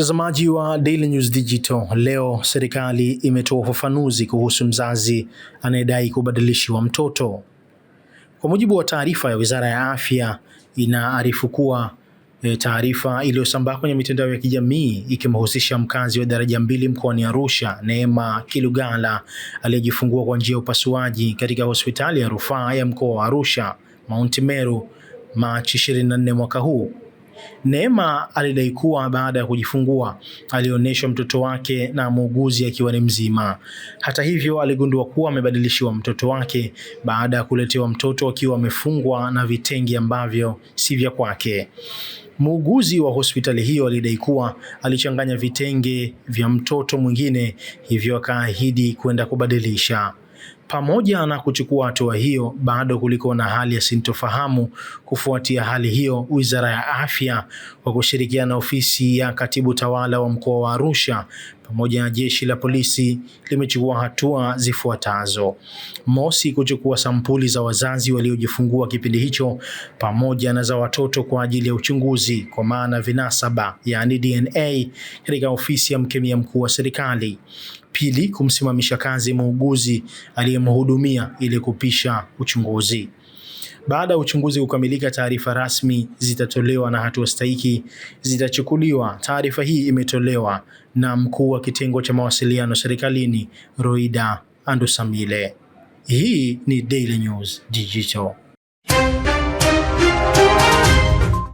Mtazamaji wa Daily News Digital, leo serikali imetoa ufafanuzi kuhusu mzazi anayedai kubadilishiwa mtoto. Kwa mujibu wa taarifa ya Wizara ya Afya, inaarifu kuwa e, taarifa iliyosambaa kwenye mitandao ya kijamii ikimhusisha mkazi wa daraja mbili mkoani Arusha, Neema Kilugala aliyejifungua kwa njia ya upasuaji katika hospitali ya rufaa ya mkoa wa Arusha, Mount Meru, Machi 24 mwaka huu. Neema alidai kuwa baada ya kujifungua alionyeshwa mtoto wake na muuguzi akiwa ni mzima. Hata hivyo, aligundua kuwa amebadilishiwa mtoto wake baada ya kuletewa mtoto akiwa amefungwa na vitenge ambavyo si vya kwake. Muuguzi wa hospitali hiyo alidai kuwa alichanganya vitenge vya mtoto mwingine, hivyo akaahidi kwenda kubadilisha. Pamoja na kuchukua hatua hiyo, bado kuliko na hali ya sintofahamu. Kufuatia hali hiyo, Wizara ya Afya kwa kushirikiana na ofisi ya katibu tawala wa mkoa wa Arusha pamoja na jeshi la polisi limechukua hatua zifuatazo: mosi, kuchukua sampuli za wazazi waliojifungua kipindi hicho pamoja na za watoto kwa ajili ya uchunguzi kwa maana vinasaba, yaani DNA, katika ofisi ya mkemia mkuu wa serikali. Pili, kumsimamisha kazi muuguzi aliyemhudumia ili kupisha uchunguzi. Baada ya uchunguzi kukamilika, taarifa rasmi zitatolewa na hatua stahiki zitachukuliwa. Taarifa hii imetolewa na mkuu wa kitengo cha mawasiliano serikalini, Roida Andusamile. Hii ni Daily News Digital.